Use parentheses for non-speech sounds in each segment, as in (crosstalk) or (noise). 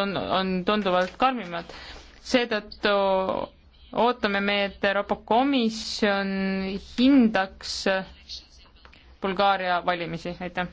on, on tunduvalt karmimad. seetõttu ootame me, et Euroopa Komisjon hindaks Bulgaaria valimisi, aitäh.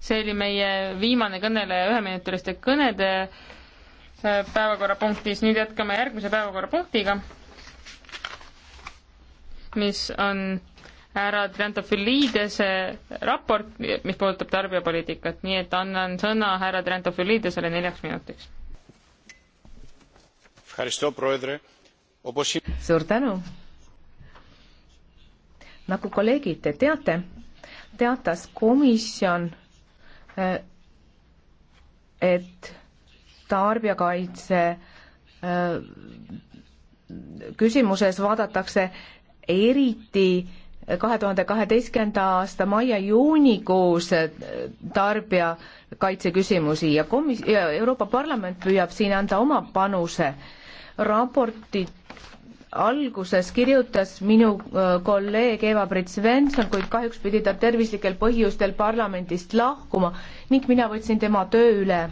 see oli meie viimane kõneleja üheminutiliste kõnede äh, päevakorrapunktis, nüüd jätkame järgmise päevakorrapunktiga, mis on härra Trentofilidese raport, mis puudutab tarbijapoliitikat, nii et annan sõna härra Trentofilidesele neljaks minutiks. suur tänu. nagu kolleegid te teate, teatas komisjon, eh, et tarbijakaitse eh, küsimuses vaadatakse eriti kahe tuhande kaheteistkümnenda aasta mai ja juunikuus tarbijakaitse küsimusi ja komis-, ja Euroopa Parlament püüab siin anda oma panuse. raporti alguses kirjutas minu äh, kolleeg Eva-Britt Svensson, kuid kahjuks pidi ta tervislikel põhjustel parlamendist lahkuma ning mina võtsin tema töö üle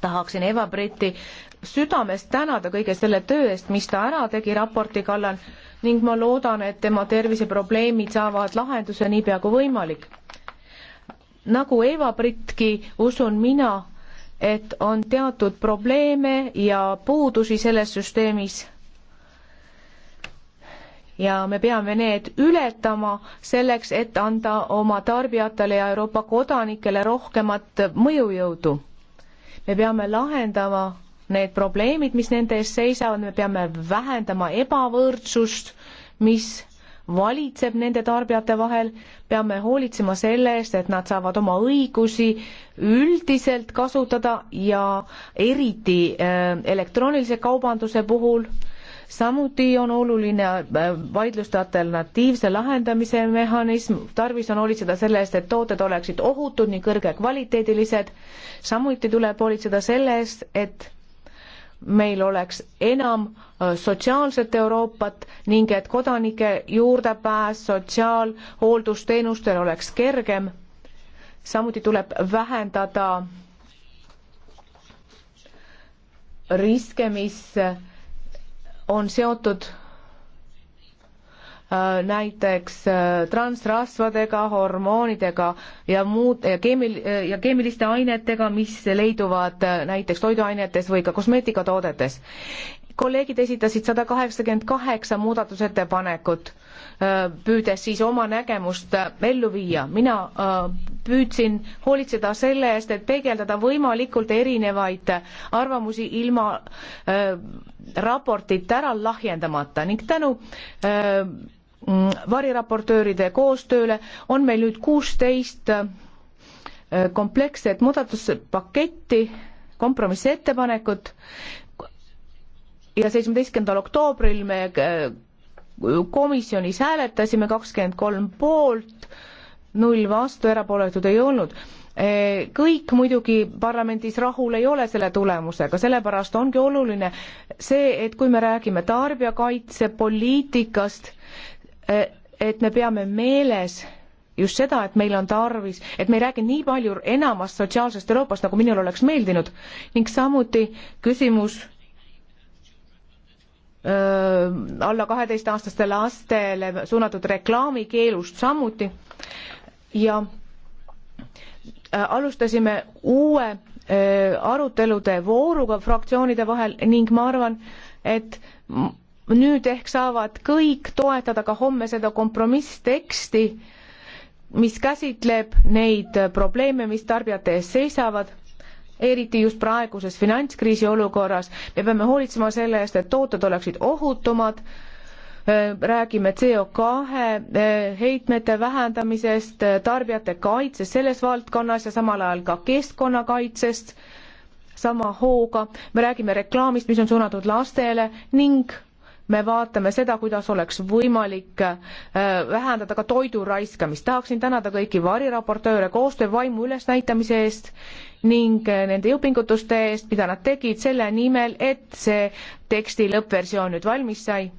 tahaksin Eva-Briti südamest tänada kõige selle töö eest, mis ta ära tegi raporti kallal ning ma loodan, et tema terviseprobleemid saavad lahenduse niipea kui võimalik. nagu Eva Brittki, usun mina, et on teatud probleeme ja puudusi selles süsteemis. ja me peame need ületama selleks, et anda oma tarbijatele ja Euroopa kodanikele rohkemat mõjujõudu. me peame lahendama need probleemid, mis nende ees seisavad, me peame vähendama ebavõrdsust, mis valitseb nende tarbijate vahel, peame hoolitsema selle eest, et nad saavad oma õigusi üldiselt kasutada ja eriti äh, elektroonilise kaubanduse puhul. samuti on oluline äh, vaidluste alternatiivse lahendamise mehhanism, tarvis on hoolitseda selle eest, et tooted oleksid ohutud, nii kõrgekvaliteedilised, samuti tuleb hoolitseda selle eest, et meil oleks enam äh, sotsiaalset Euroopat ning et kodanike juurdepääs sotsiaalhooldusteenustel oleks kergem. samuti tuleb vähendada riske, mis on seotud Äh, näiteks äh, transrasvadega, hormoonidega ja muud ja keemil- äh, ja keemiliste ainetega, mis leiduvad näiteks toiduainetes või ka kosmeetikatoodetes. kolleegid esitasid sada kaheksakümmend kaheksa muudatusettepanekut, püüdes siis oma nägemust ellu viia. mina püüdsin hoolitseda selle eest, et peegeldada võimalikult erinevaid arvamusi ilma raportit ära lahjendamata ning tänu Mm, variraportööride koostööle on meil nüüd kuusteist äh, kompleksset muudatuspaketti, kompromissettepanekut ja seitsmeteistkümnendal oktoobril me äh, komisjonis hääletasime kakskümmend kolm poolt, null vastu, erapooletud ei olnud. Äh, kõik muidugi parlamendis rahul ei ole selle tulemusega, sellepärast ongi oluline see, et kui me räägime tarbijakaitsepoliitikast, et me peame meeles just seda, et meil on tarvis, et me ei räägi nii palju enamast sotsiaalsest Euroopast, nagu minul oleks meeldinud ning samuti küsimus öö, alla kaheteistaastastele lastele suunatud reklaamikeelust samuti ja äh, alustasime uue öö, arutelude vooruga fraktsioonide vahel ning ma arvan, et nüüd ehk saavad kõik toetada ka homme seda kompromissteksti, mis käsitleb neid probleeme, mis tarbijate ees seisavad, eriti just praeguses finantskriisi olukorras. me peame hoolitsema selle eest, et tooted oleksid ohutumad, räägime CO kahe eh, heitmete vähendamisest, eh, tarbijate kaitsest selles valdkonnas ja samal ajal ka keskkonnakaitsest sama hooga, me räägime reklaamist, mis on suunatud lastele ning me vaatame seda, kuidas oleks võimalik äh, vähendada ka toidu raiskamist. tahaksin tänada kõiki variraportööre koostöövaimu ülesnäitamise eest ning äh, nende jõupingutuste eest, mida nad tegid selle nimel, et see teksti lõppversioon nüüd valmis sai.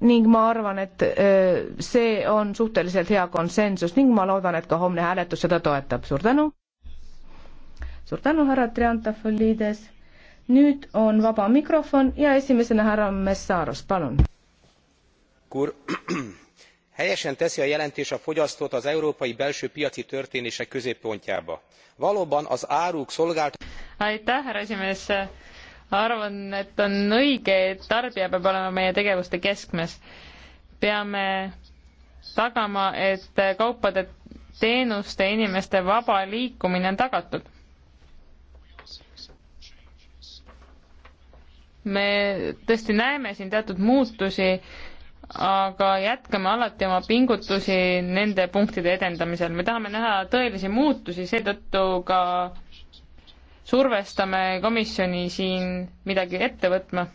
ning ma arvan, et äh, see on suhteliselt hea konsensus ning ma loodan, et ka homne hääletus seda toetab. suur tänu! suur tänu, härra Triantafõlides! nüüd on vaba mikrofon ja esimesena härra Messaros, palun. (clears throat) Helyesen teszi a jelentés a fogyasztót az európai belső piaci történések középpontjába. Valóban az áruk szolgált... Aitäh, härra esimees! Arvan, et on õige, et tarbija peab olema meie tegevuste keskmes. Peame tagama, et kaupade teenuste inimeste vaba liikumine on tagatud me tõesti näeme siin teatud muutusi, aga jätkame alati oma pingutusi nende punktide edendamisel. me tahame näha tõelisi muutusi, seetõttu ka survestame komisjoni siin midagi ette võtma.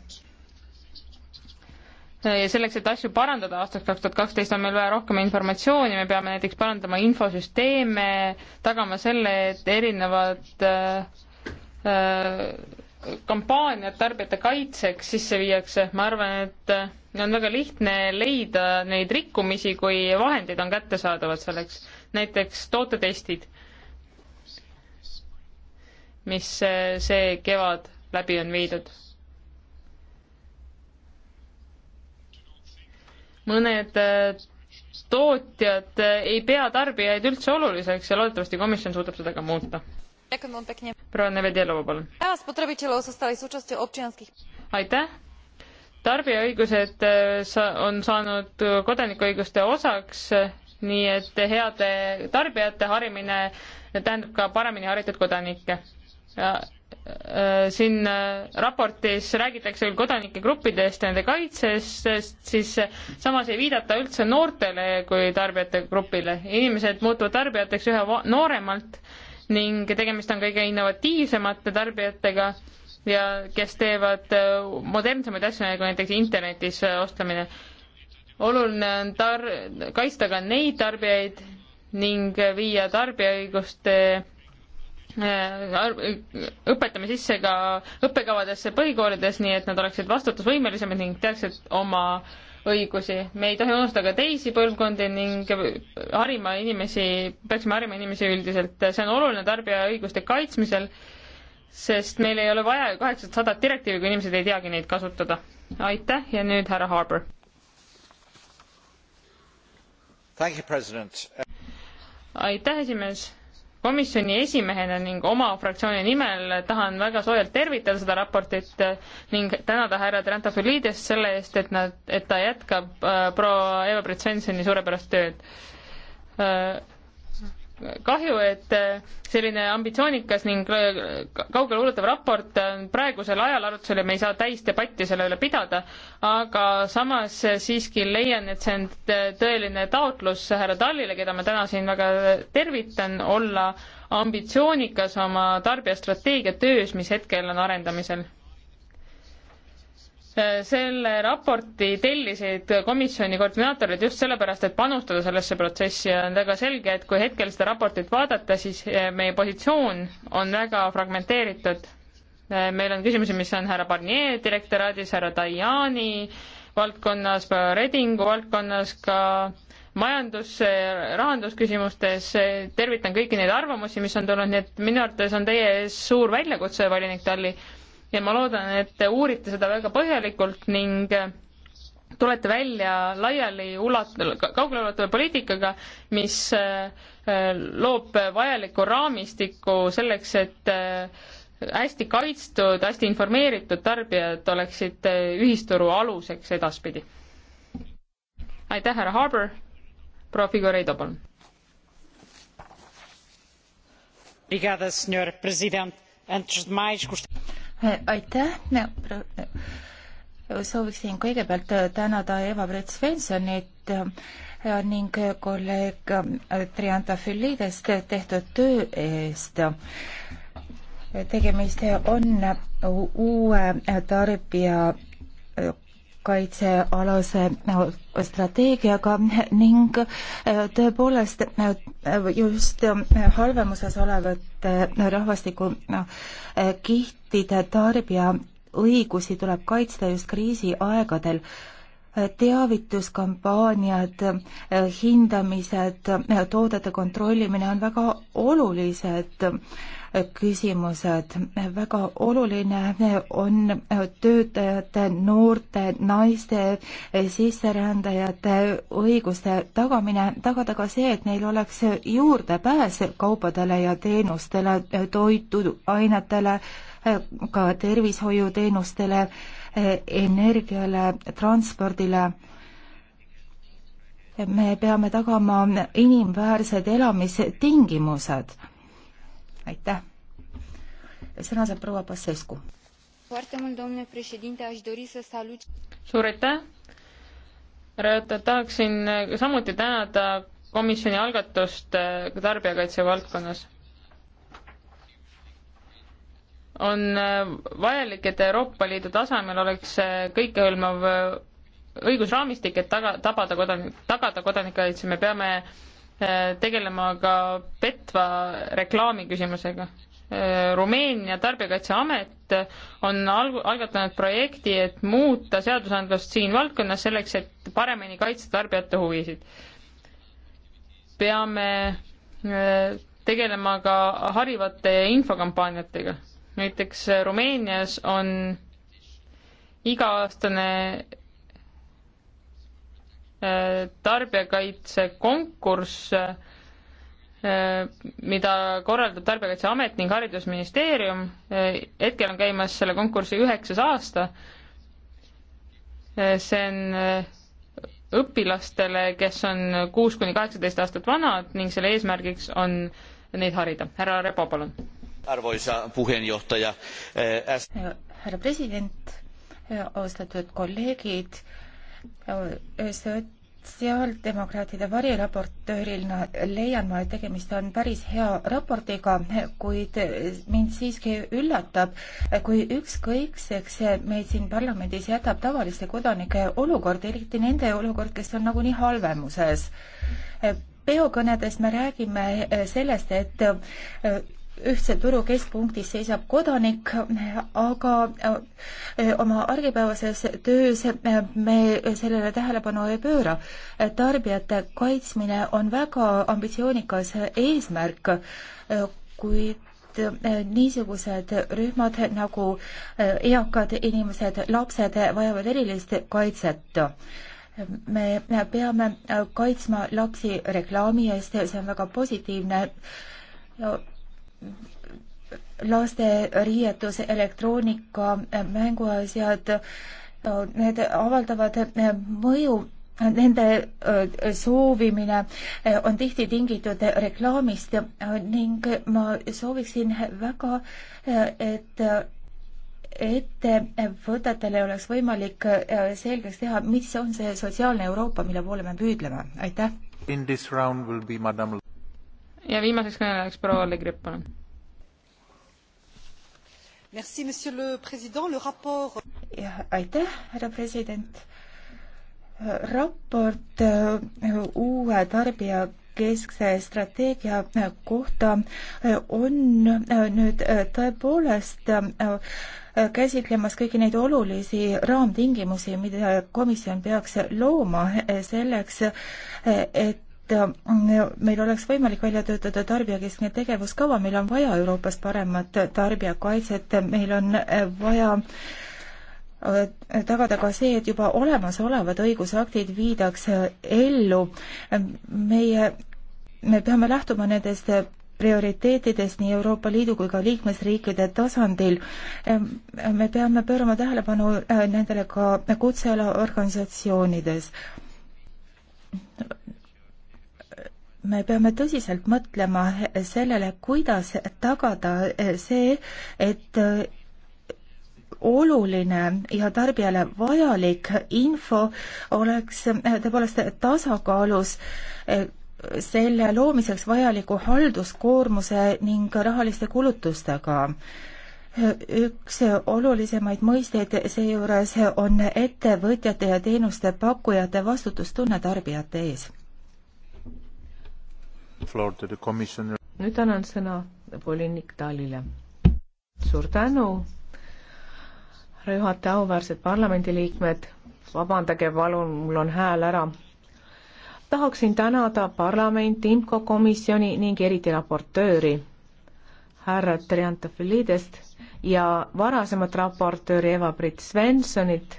ja selleks, et asju parandada aastaks kaks tuhat kaksteist, on meil vaja rohkem informatsiooni, me peame näiteks parandama infosüsteeme, tagama selle, et erinevad äh, äh, kampaaniat tarbijate kaitseks sisse viiakse, ma arvan, et on väga lihtne leida neid rikkumisi, kui vahendid on kättesaadavad selleks, näiteks tootetestid, mis see kevad läbi on viidud. mõned tootjad ei pea tarbijaid üldse oluliseks ja loodetavasti komisjon suudab seda ka muuta proua Nevedelova, palun. aitäh. tarbijaõigused on saanud eh, kodanikuõiguste osaks, eh, nii et heade tarbijate harimine tähendab ka paremini haritud kodanikke eh, siin raportis räägitakse küll kodanike gruppidest ja nende kaitsest, siis samas ei viidata üldse noortele kui tarbijate grupile. inimesed muutuvad tarbijateks üha nooremalt ning tegemist on kõige innovatiivsemate tarbijatega ja kes teevad äh, modernsemaid asju, nagu näiteks internetis äh, ostlemine. oluline on tar-, kaitsta ka neid tarbijaid ning viia tarbijaõiguste äh, õpetame sisse ka õppekavadesse põhikoolides, nii et nad oleksid vastutusvõimelisemad ning teaksid oma õigusi, me ei tohi unustada ka teisi põlvkondi ning harima inimesi, peaksime harima inimesi üldiselt, see on oluline tarbija õiguste kaitsmisel, sest meil ei ole vaja ju kaheksasadat direktiivi, kui inimesed ei teagi neid kasutada. aitäh ja nüüd härra Harbour. aitäh, esimees komisjoni esimehena ning oma fraktsiooni nimel tahan väga soojalt tervitada seda raportit eh, ning tänada härra Trentafilidest selle eest, et nad, et ta jätkab äh, proua Eva Britsensoni suurepärast tööd äh, kahju, et äh, selline ambitsioonikas ning äh, kaugele ulatuv raport on praegusel ajal arutusel ja me ei saa täisdebatti selle üle pidada, aga samas siiski leian, et see on tõeline taotlus härra Tallile, keda ma täna siin väga tervitan, olla ambitsioonikas oma tarbijastrateegia töös, mis hetkel on arendamisel selle raporti tellisid komisjoni koordinaatorid just sellepärast, et panustada sellesse protsessi ja on väga selge, et kui hetkel seda raportit vaadata, siis eh, meie positsioon on väga fragmenteeritud. Eh, meil on küsimusi, mis on härra Barnier direktoraadis, härra Tajani valdkonnas, Redingu valdkonnas, ka majandus, rahandusküsimustes, tervitan kõiki neid arvamusi, mis on tulnud, nii et minu arvates on teie ees suur väljakutse, volinik Talli ja ma loodan, et te uurite seda väga põhjalikult ning äh, tulete välja laiali ulat-, kaugeleulatuva poliitikaga, mis äh, äh, loob vajaliku raamistiku selleks, et hästi kaitstud, hästi informeeritud tarbijad oleksid ühisturu aluseks edaspidi. aitäh, härra Harbour, proua Figueiredo, palun aitäh, sooviksin kõigepealt tänada Eva Brett Svenssonit äh, ning kolleeg äh, Trianta Fyllidest tehtud töö eest. tegemist on uue tarbija kaitsealase strateegiaga ning äh, tõepoolest äh, just äh, halvemuses olevate rahvastikukihtide noh, tarbija õigusi tuleb kaitsta just kriisiaegadel teavituskampaaniad, hindamised, toodete kontrollimine on väga olulised küsimused. väga oluline on töötajate, noorte, naiste, sisserändajate õiguste tagamine, tagada ka see, et neil oleks juurdepääs kaupadele ja teenustele, toiduainetele, ka tervishoiuteenustele energiale, transpordile. me peame tagama inimväärsed elamistingimused. aitäh. sõna saab proua Passescu. suur aitäh. tahaksin samuti tänada komisjoni algatust tarbijakaitse valdkonnas on äh, vajalik, et Euroopa Liidu tasemel oleks äh, kõikehõlmav äh, õigusraamistik, et taga, tabada kodanik, tagada kodanikukaitse, me peame tegelema ka petva reklaami küsimusega. Rumeenia Tarbijakaitseamet on alg-, algatanud projekti, et muuta seadusandlust siin valdkonnas selleks, et paremini kaitsta tarbijate huvisid. peame tegelema ka harivate infokampaaniatega näiteks äh, Rumeenias on iga-aastane äh, tarbijakaitsekonkurss, äh, mida korraldab Tarbijakaitseamet ning Haridusministeerium. hetkel on käimas selle konkursi üheksas aasta. see on õpilastele, kes on kuus kuni kaheksateist aastat vanad ning selle eesmärgiks on neid harida. härra Repo, palun arvoisa puheenjohtaja eh, äs- äh, härra president, äh, austatud kolleegid, äh, sotsiaaldemokraatide variraportöörina leian ma, et tegemist on päris hea raportiga, kuid mind siiski üllatab, kui ükskõikseks meid siin parlamendis jätab tavaliste kodanike olukord, eriti nende olukord, kes on nagunii halvemuses peokõnedes me räägime sellest, et ühtse turu keskpunktis seisab kodanik, aga äh, oma argipäevases töös me sellele tähelepanu ei pööra. tarbijate kaitsmine on väga ambitsioonikas eesmärk, kuid äh, niisugused rühmad nagu äh, eakad inimesed, lapsed vajavad erilist kaitset me peame kaitsma lapsi reklaami eest, see on väga positiivne laste riietus, elektroonika, mänguasjad, need avaldavad mõju nende äh, soovimine äh, on tihti tingitud reklaamist ning ma sooviksin väga, äh, et ettevõtetele oleks võimalik selgeks teha, mis on see sotsiaalne Euroopa, mille poole me püüdleme, aitäh! ja viimaseks kõnelejaks proua Olle Gripp, palun. jah, aitäh, härra president. raport äh, uue tarbija keskse strateegia äh, kohta äh, on nüüd tõepoolest käsitlemas kõiki neid olulisi raamtingimusi, mida komisjon peaks looma selleks, et et äh, meil oleks võimalik välja töötada tarbijakeskne tegevuskava, meil on vaja Euroopas paremat tarbijakaitset, meil on äh, vaja äh, tagada ka see, et juba olemasolevad õigusaktid viidakse ellu. meie, me peame lähtuma nendest prioriteetidest nii Euroopa Liidu kui ka liikmesriikide tasandil. me peame pöörama tähelepanu nendele ka kutseala organisatsioonides me peame tõsiselt mõtlema sellele, kuidas tagada see, et oluline ja tarbijale vajalik info oleks tõepoolest tasakaalus selle loomiseks vajaliku halduskoormuse ning rahaliste kulutustega üks olulisemaid mõisteid seejuures on ettevõtjate ja teenuste pakkujate vastutustunne tarbijate ees nüüd annan sõna volinik Talile. suur tänu, härra juhataja, auväärsed parlamendiliikmed, vabandage palun, mul on hääl ära. tahaksin tänada parlamenti, IMCO komisjoni ning eriti raportööri härra Triantafilidest ja varasemat raportööri Eva-Britt Svenssonit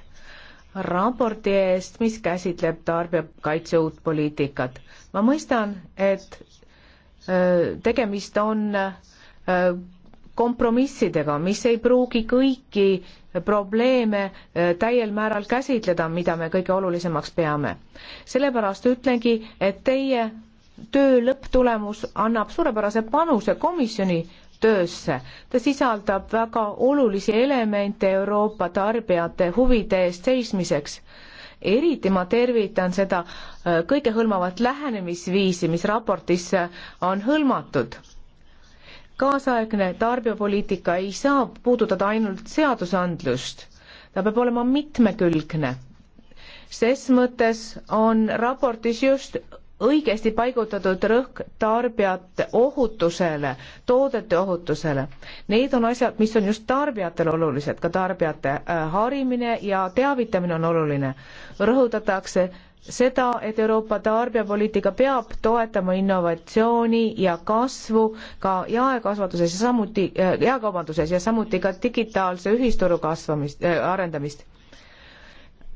raporti eest, mis käsitleb tarbijakaitse uut poliitikat. ma mõistan, et äh, tegemist on äh, kompromissidega, mis ei pruugi kõiki probleeme äh, täiel määral käsitleda, mida me kõige olulisemaks peame. sellepärast ütlengi, et teie töö lõpptulemus annab suurepärase panuse komisjoni koostöösse. ta sisaldab väga olulisi elemente Euroopa tarbijate huvide eest seismiseks. eriti ma tervitan seda äh, kõigehõlmavat lähenemisviisi, mis raportisse on hõlmatud kaasaegne tarbijapoliitika ei saa puudutada ainult seadusandlust, ta peab olema mitmekülgne. ses mõttes on raportis just õigesti paigutatud rõhk tarbijate ohutusele, toodete ohutusele. Need on asjad, mis on just tarbijatele olulised, ka tarbijate äh, harimine ja teavitamine on oluline. rõhutatakse seda, et Euroopa tarbijapoliitika peab toetama innovatsiooni ja kasvu ka jaekasvatuses ja samuti, äh, jaekaubanduses ja samuti ka digitaalse ühisturu kasvamist äh,, arendamist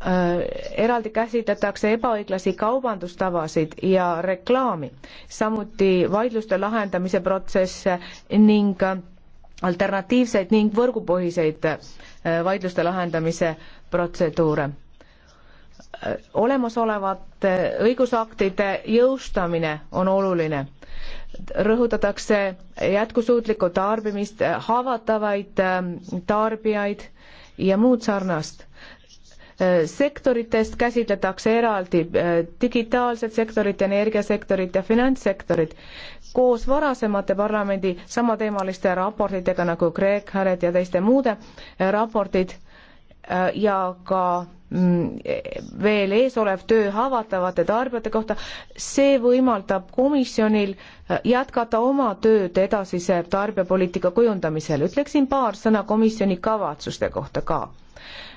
Äh, eraldi käsitletakse ebaõiglasi kaubandustavasid ja reklaami, samuti vaidluste lahendamise protsesse ning äh, alternatiivseid ning võrgupõhiseid äh, vaidluste lahendamise protseduure. olemasolevate õigusaktide jõustamine on oluline. rõhutatakse jätkusuutlikku tarbimist, haavatavaid tarbijaid ja muud sarnast Äh, sektoritest käsitletakse eraldi äh, digitaalset sektorit, energiasektorit ja finantssektorit. koos varasemate parlamendi samateemaliste raportitega nagu Greg Harret ja teiste muude äh, raportid ja ka mm, veel eesolev töö haavatavate tarbijate kohta, see võimaldab komisjonil jätkata oma tööd edasise tarbijapoliitika kujundamisel. ütleksin paar sõna komisjoni kavatsuste kohta ka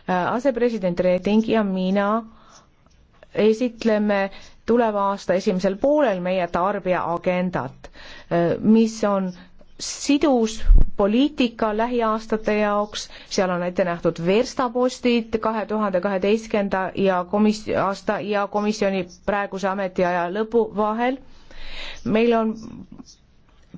Äh, asepresident Reding ja mina esitleme tuleva aasta esimesel poolel meie tarbija agendat, äh, mis on sidus poliitika lähiaastate jaoks, seal on ette nähtud verstapostid kahe tuhande kaheteistkümnenda ja komis-, aasta ja komisjoni praeguse ametiaja lõpu vahel. meil on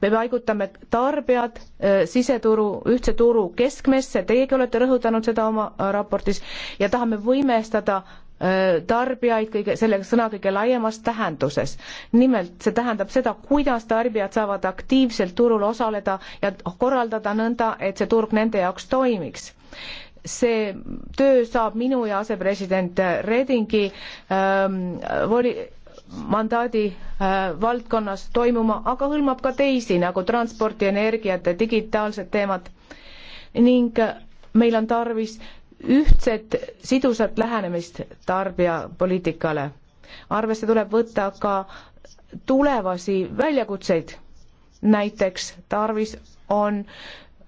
me paigutame tarbijad eh, siseturu, ühtse turu keskmesse, teiegi olete rõhutanud seda oma äh, raportis, ja tahame võimestada äh, tarbijaid kõige, selle sõna kõige laiemas tähenduses. nimelt see tähendab seda, kuidas tarbijad saavad aktiivselt turul osaleda ja korraldada nõnda, et see turg nende jaoks toimiks see töö saab minu ja asepresident Redingi ähm, voli, mandaadi äh, valdkonnas toimuma, aga hõlmab ka teisi nagu transporti, energiat ja digitaalsed teemad. ning äh, meil on tarvis ühtset sidusat lähenemist tarbijapoliitikale. arvesse tuleb võtta ka tulevasi väljakutseid. näiteks tarvis on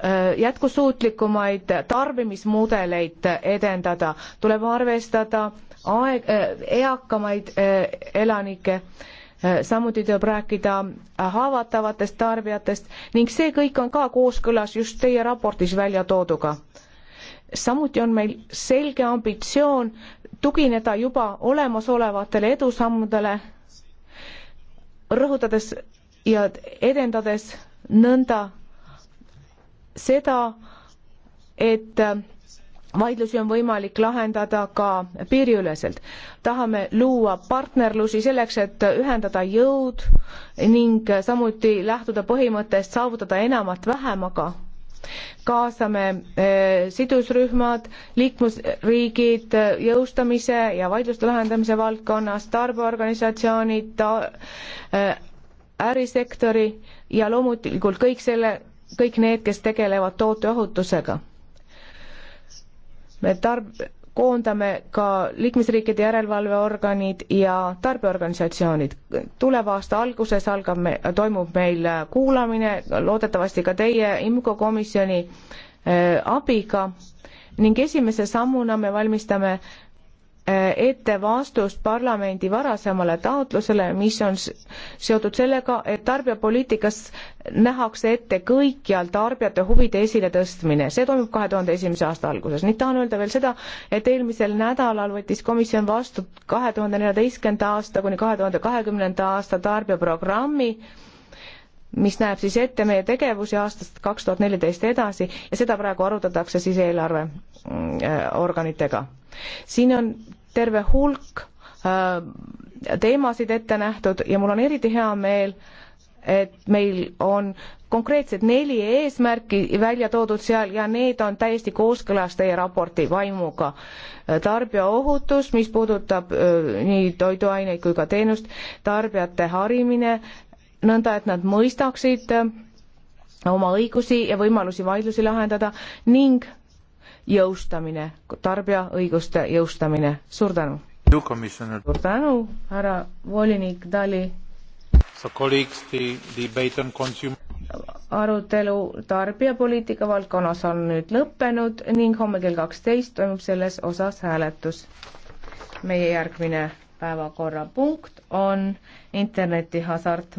Äh, jätkusuutlikumaid tarbimismudeleid edendada, tuleb arvestada aeg, äh, eakamaid äh, elanikke, samuti tuleb rääkida haavatavatest tarbijatest ning see kõik on ka kooskõlas just teie raportis välja tooduga. samuti on meil selge ambitsioon tugineda juba olemasolevatele edusammudele, rõhutades ja edendades nõnda seda, et vaidlusi on võimalik lahendada ka piiriüleselt. tahame luua partnerlusi selleks, et ühendada jõud ning samuti lähtuda põhimõttest saavutada enamat vähemaga. kaasame eh, sidusrühmad, liikmesriigid eh, jõustamise ja vaidluste lahendamise valdkonnas, tarbeorganisatsioonid ta, eh,, ärisektori ja loomulikult kõik selle kõik need, kes tegelevad tooteohutusega. me tarb-, koondame ka liikmesriikide järelevalveorganid ja tarbijaorganisatsioonid. tuleva aasta alguses algab me, toimub meil kuulamine, loodetavasti ka teie IMCO komisjoni eh, abiga ning esimese sammuna me valmistame Eh, ette vastust parlamendi varasemale taotlusele, mis on seotud sellega, et tarbijapoliitikas nähakse ette kõikjal tarbijate huvide esiletõstmine. see toimub kahe tuhande esimese aasta alguses. nüüd tahan öelda veel seda, et eelmisel nädalal võttis komisjon vastu kahe tuhande neljateistkümnenda aasta kuni kahe tuhande kahekümnenda aasta tarbijaprogrammi, mis näeb siis ette meie tegevusi aastast kaks tuhat neliteist edasi ja seda praegu arutatakse siis eelarveorganitega. Mm, äh, siin on terve hulk äh, teemasid ette nähtud ja mul on eriti hea meel, et meil on konkreetselt neli eesmärki välja toodud seal ja need on täiesti kooskõlas teie raporti vaimuga. tarbijaohutus, mis puudutab öö, äh, nii toiduaineid kui ka teenust, tarbijate harimine, nõnda et nad mõistaksid äh, oma õigusi ja võimalusi vaidlusi lahendada ning jõustamine, tarbija õiguste jõustamine. suur tänu! suur tänu, härra volinik Dali! arutelu tarbijapoliitika valdkonnas on nüüd lõppenud ning homme kell kaksteist toimub selles osas hääletus. meie järgmine päevakorrapunkt on interneti hasart.